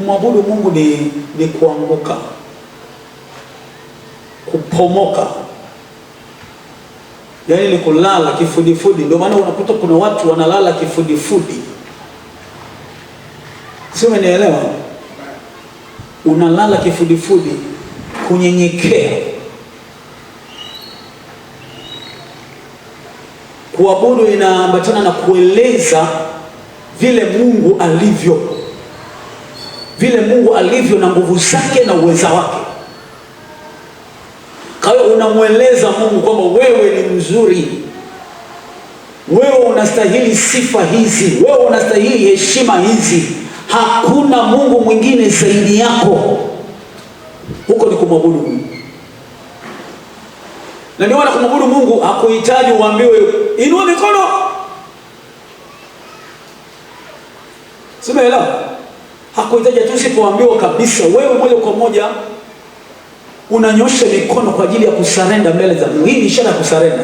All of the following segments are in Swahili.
kumwabudu Mungu ni, ni kuanguka, kupomoka, yaani ni kulala kifudifudi. Ndio maana unakuta kuna watu wanalala kifudifudi, sio umenielewa? Unalala kifudifudi, kunyenyekea, kuabudu inaambatana na kueleza vile Mungu alivyo vile Mungu alivyo na nguvu zake na uweza wake. Kwa hiyo unamweleza Mungu kwamba wewe ni mzuri, wewe unastahili sifa hizi, wewe unastahili heshima hizi, hakuna Mungu mwingine zaidi yako. Huko ni kumwabudu Mungu, na ndio maana kumwabudu Mungu hakuhitaji uambiwe inua mikono, simeelewa Hakuhitaji tu kuambiwa kabisa, wewe moja kwa moja unanyosha mikono kwa ajili ya kusarenda mbele za Mungu. Hii ni ishara ya kusarenda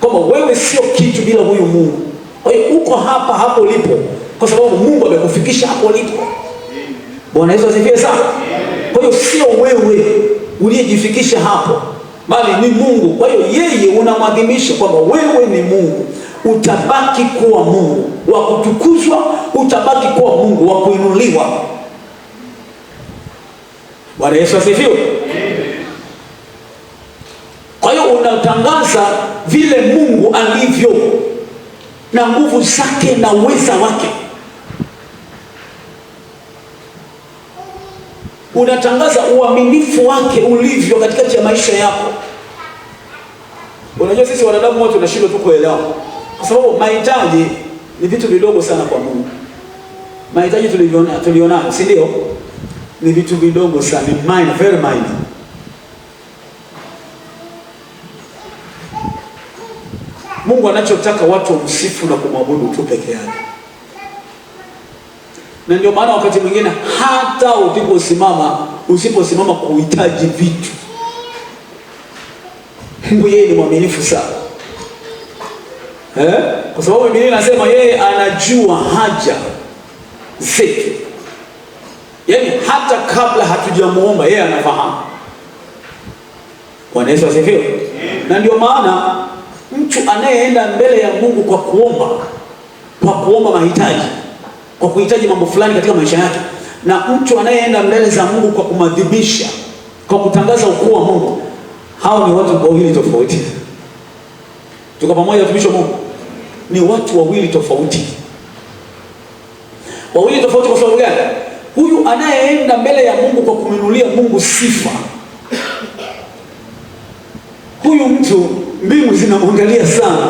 kwamba wewe sio kitu bila huyu Mungu. Kwa hiyo uko hapa hapo ulipo kwa sababu Mungu amekufikisha hapo ulipo. Bwana Yesu asifiwe sana. Kwa hiyo sio wewe uliyejifikisha hapo, bali ni Mungu. Kwa hiyo yeye unamwadhimisha kwamba wewe ni Mungu utabaki kuwa Mungu wa kutukuzwa, utabaki kuwa Mungu wa kuinuliwa. Bwana Yesu asifiwe. Kwa hiyo unatangaza vile Mungu alivyo na nguvu zake na uweza wake, unatangaza uaminifu wake ulivyo katikati ya maisha yako. Unajua sisi wanadamu wote tunashindwa tu kuelewa kwa sababu mahitaji ni vitu vidogo sana kwa Mungu. Mahitaji tuliona tuliona, si ndio? Ni vitu vidogo sana, ni minor, very minor. Mungu anachotaka watu wamsifu na kumwabudu tu peke yake, na ndio maana wakati mwingine hata usiposimama usiposimama kuhitaji vitu, Mungu yeye ni mwaminifu sana eh? Kwa sababu Biblia inasema yeye anajua haja zetu, yaani hata kabla hatujamuomba yeye anafahamu. Bwana Yesu asifiwe. Na ndio maana mtu anayeenda mbele ya Mungu kwa kuomba, kwa kuomba mahitaji, kwa kuhitaji mambo fulani katika maisha yake, na mtu anayeenda mbele za Mungu kwa kumadhibisha, kwa kutangaza ukuu wa Mungu, hao ni watu wawili tofauti. Tuko pamoja, watumishi wa Mungu ni watu wawili tofauti, wawili tofauti. Kwa sababu gani? Huyu anayeenda mbele ya Mungu kwa kumwinulia Mungu sifa, huyu mtu mbingu zinamwangalia sana,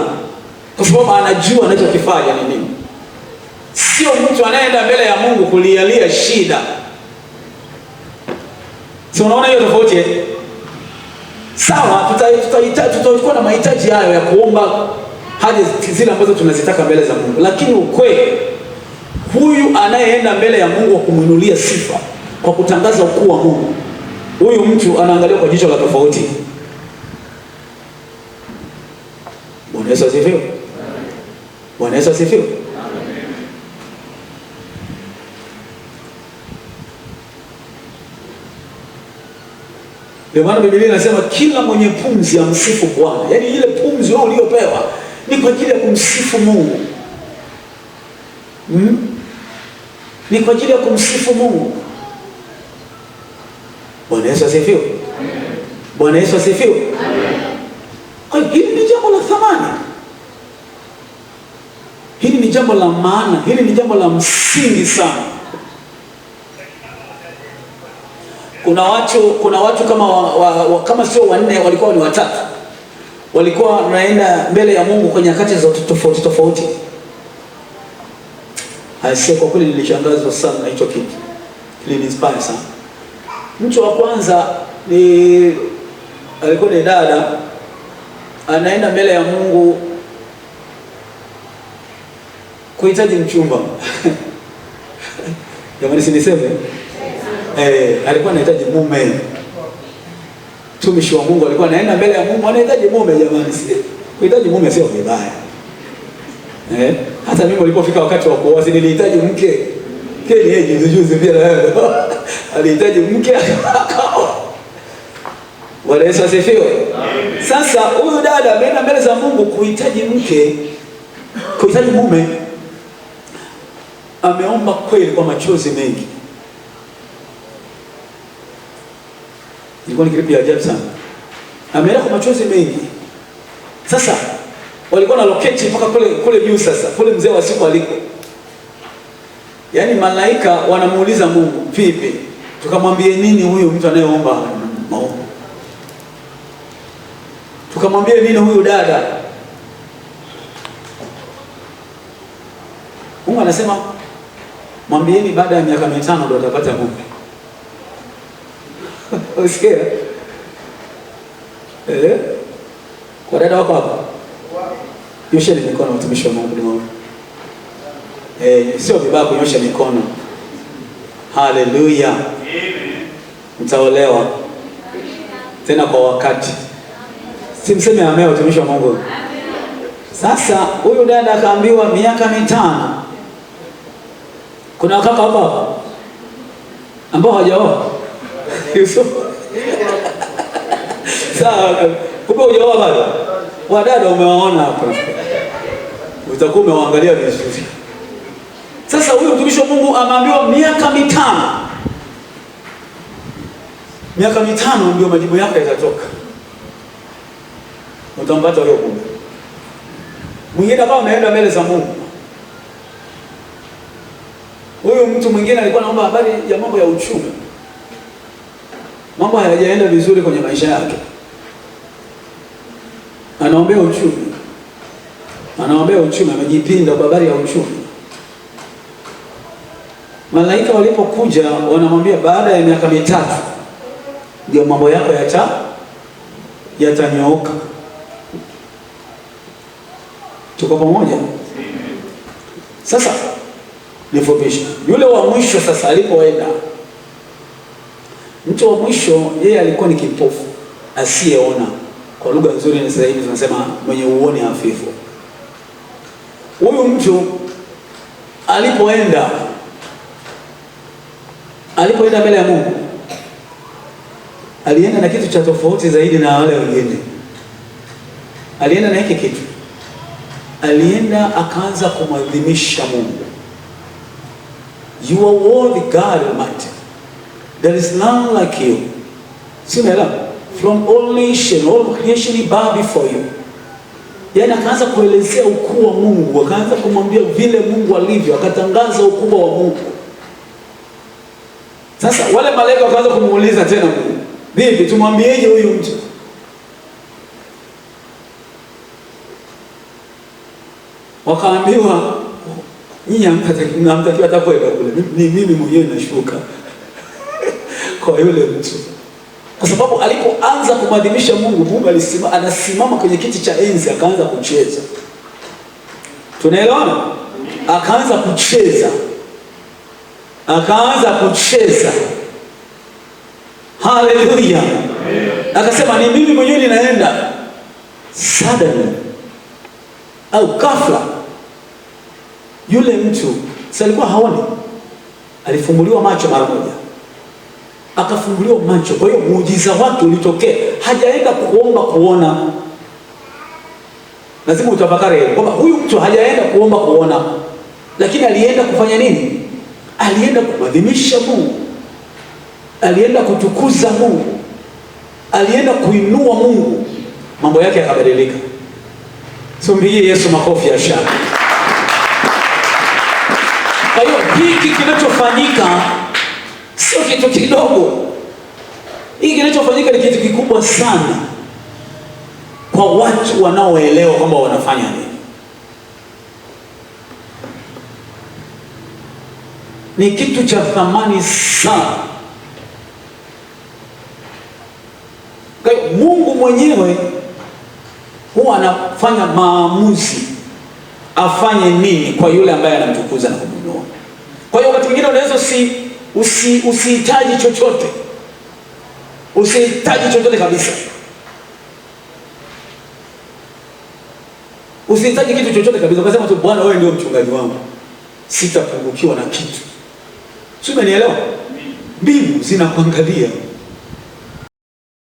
kwa sababu anajua anachokifanya ni nini. Sio mtu anayeenda mbele ya Mungu kulialia shida. Si unaona hiyo tofauti? Sawa, tutachukua tuta, tuta, tuta na mahitaji hayo ya kuomba haja zile ambazo tunazitaka mbele za Mungu. Lakini ukweli, huyu anayeenda mbele ya Mungu wa kumwinulia sifa kwa kutangaza ukuu wa Mungu, huyu mtu anaangalia kwa jicho la tofauti. Bwana Yesu asifiwe. Bwana Yesu asifiwe. Ndio maana Biblia inasema kila mwenye pumzi amsifu Bwana, yaani ile pumzi wewe uliyopewa ni kwa ajili ya kumsifu Mungu hmm? ni kwa ajili ya kumsifu Mungu. Bwana Yesu asifiwe. Bwana Yesu asifiwe. Hili ni jambo la thamani, hili ni jambo la maana, hili ni jambo la msingi sana. Kuna watu kuna watu kama wa, wa, kama sio wanne walikuwa ni watatu walikuwa wanaenda mbele ya Mungu kwa nyakati za tofauti tofauti. Aisee, kwa kweli nilishangazwa sana na hicho kitu, kilininspire sana. Mtu wa kwanza ni alikuwa ni dada, anaenda mbele ya Mungu kuhitaji mchumba jamani, siniseme eh, alikuwa anahitaji mume mtumishi wa Mungu alikuwa anaenda mbele ya Mungu, anahitaji mume jamani, si kuhitaji mume sio vibaya eh. Hata mimi nilipofika wakati wa kuoa nilihitaji mke kile, yeye juzi juzi pia na wewe alihitaji mke akao. Bwana Yesu asifiwe. Sasa huyu dada ameenda mbele za Mungu kuhitaji mke, kuhitaji mume, ameomba kweli kwa machozi mengi Ilikuwa ni ya ajabu sana. Ameenda kwa machozi mengi. Sasa walikuwa na loketi mpaka kule kule juu sasa, kule mzee wa siku aliko. Yaani malaika wanamuuliza Mungu, vipi? Tukamwambie nini huyu mtu anayeomba maombi? Tukamwambie nini huyu dada? Mungu anasema mwambieni baada ya miaka mitano ndo atapata mume. Unasikia? Eh? Kwa dada wako hapa. Nyosha mikono watumishi wa Mungu Eh, sio vibaya kunyosha mikono. Haleluya. Mtaolewa. Tena kwa wakati. Simseme ameo watumishi wa Mungu. Sasa huyu dada akaambiwa miaka mitano. Kuna wakaka hapa ambao hawajaoa Yusuf. Sawa. Kumbe hujaoa bado. Wadada umewaona hapa. Utakuwa umewaangalia vizuri. Sasa huyu mtumishi wa Mungu ameambiwa miaka mitano. Miaka mitano ndio majibu yake yatatoka. Utampata leo kumbe. Mwingine kama ameenda mbele za Mungu. Huyu mtu mwingine alikuwa anaomba habari ya mambo ya uchumi mambo hayajaenda vizuri kwenye maisha yake, anaombea uchumi, anaombea uchumi, amejipinda kwa habari ya uchumi. Malaika walipokuja wanamwambia, baada ya miaka mitatu ndio mambo yako yata yatanyooka. Tuko pamoja? Sasa nifupishe, yule wa mwisho sasa alipoenda Mtu wa mwisho yeye alikuwa ni kipofu asiyeona, kwa lugha nzuri na sasa hivi tunasema mwenye uoni hafifu. Huyu mtu alipoenda alipoenda mbele ya Mungu alienda na kitu cha tofauti zaidi na wale wengine. Alienda na hiki kitu, alienda akaanza kumwadhimisha Mungu. You are worthy God Almighty There is none like you. Siunaelewa? From all nation, all creation bow before you. yani akaanza kuelezea ukuu wa Mungu, akaanza kumwambia vile Mungu alivyo, akatangaza ukubwa wa Mungu. Sasa wale malaika wakaanza kumuuliza tena Mungu, vipi tumwambieje huyu mtu? Wakaambiwa nyinyi amtakiwa hata kule, ni mimi mwenyewe nashuka kwa yule mtu, kwa sababu alipoanza kumwadhimisha Mungu, Mungu alisima, anasimama kwenye kiti cha enzi akaanza kucheza. Tunaelewana? Akaanza kucheza, akaanza kucheza. Haleluya! Akasema ni mimi mwenyewe ninaenda. Suddenly au ghafla, yule mtu si alikuwa haoni, alifunguliwa macho mara moja akafunguliwa macho. Kwa hiyo muujiza wake ulitokea, hajaenda kuomba kuona. Lazima utafakari kwamba huyu mtu hajaenda kuomba kuona, lakini alienda kufanya nini? Alienda kumwadhimisha Mungu, alienda kutukuza Mungu, alienda kuinua Mungu, mambo yake yakabadilika. Tumpigie Yesu makofi ya shangwe. Kwa hiyo hiki kinachofanyika sio kitu kidogo. Hii kinachofanyika ni kitu kikubwa sana kwa watu wanaoelewa kwamba wanafanya nini. Ni kitu cha thamani sana. Mungu mwenyewe huwa anafanya maamuzi afanye nini kwa yule ambaye anamtukuza na kumwinua. Kwa hiyo wakati mwingine unaweza si usi usihitaji chochote, usihitaji chochote kabisa, usihitaji kitu chochote kabisa, ukasema tu Bwana, wewe ndio mchungaji wangu, sitapungukiwa na kitu. Si umenielewa? Mbingu zinakuangalia.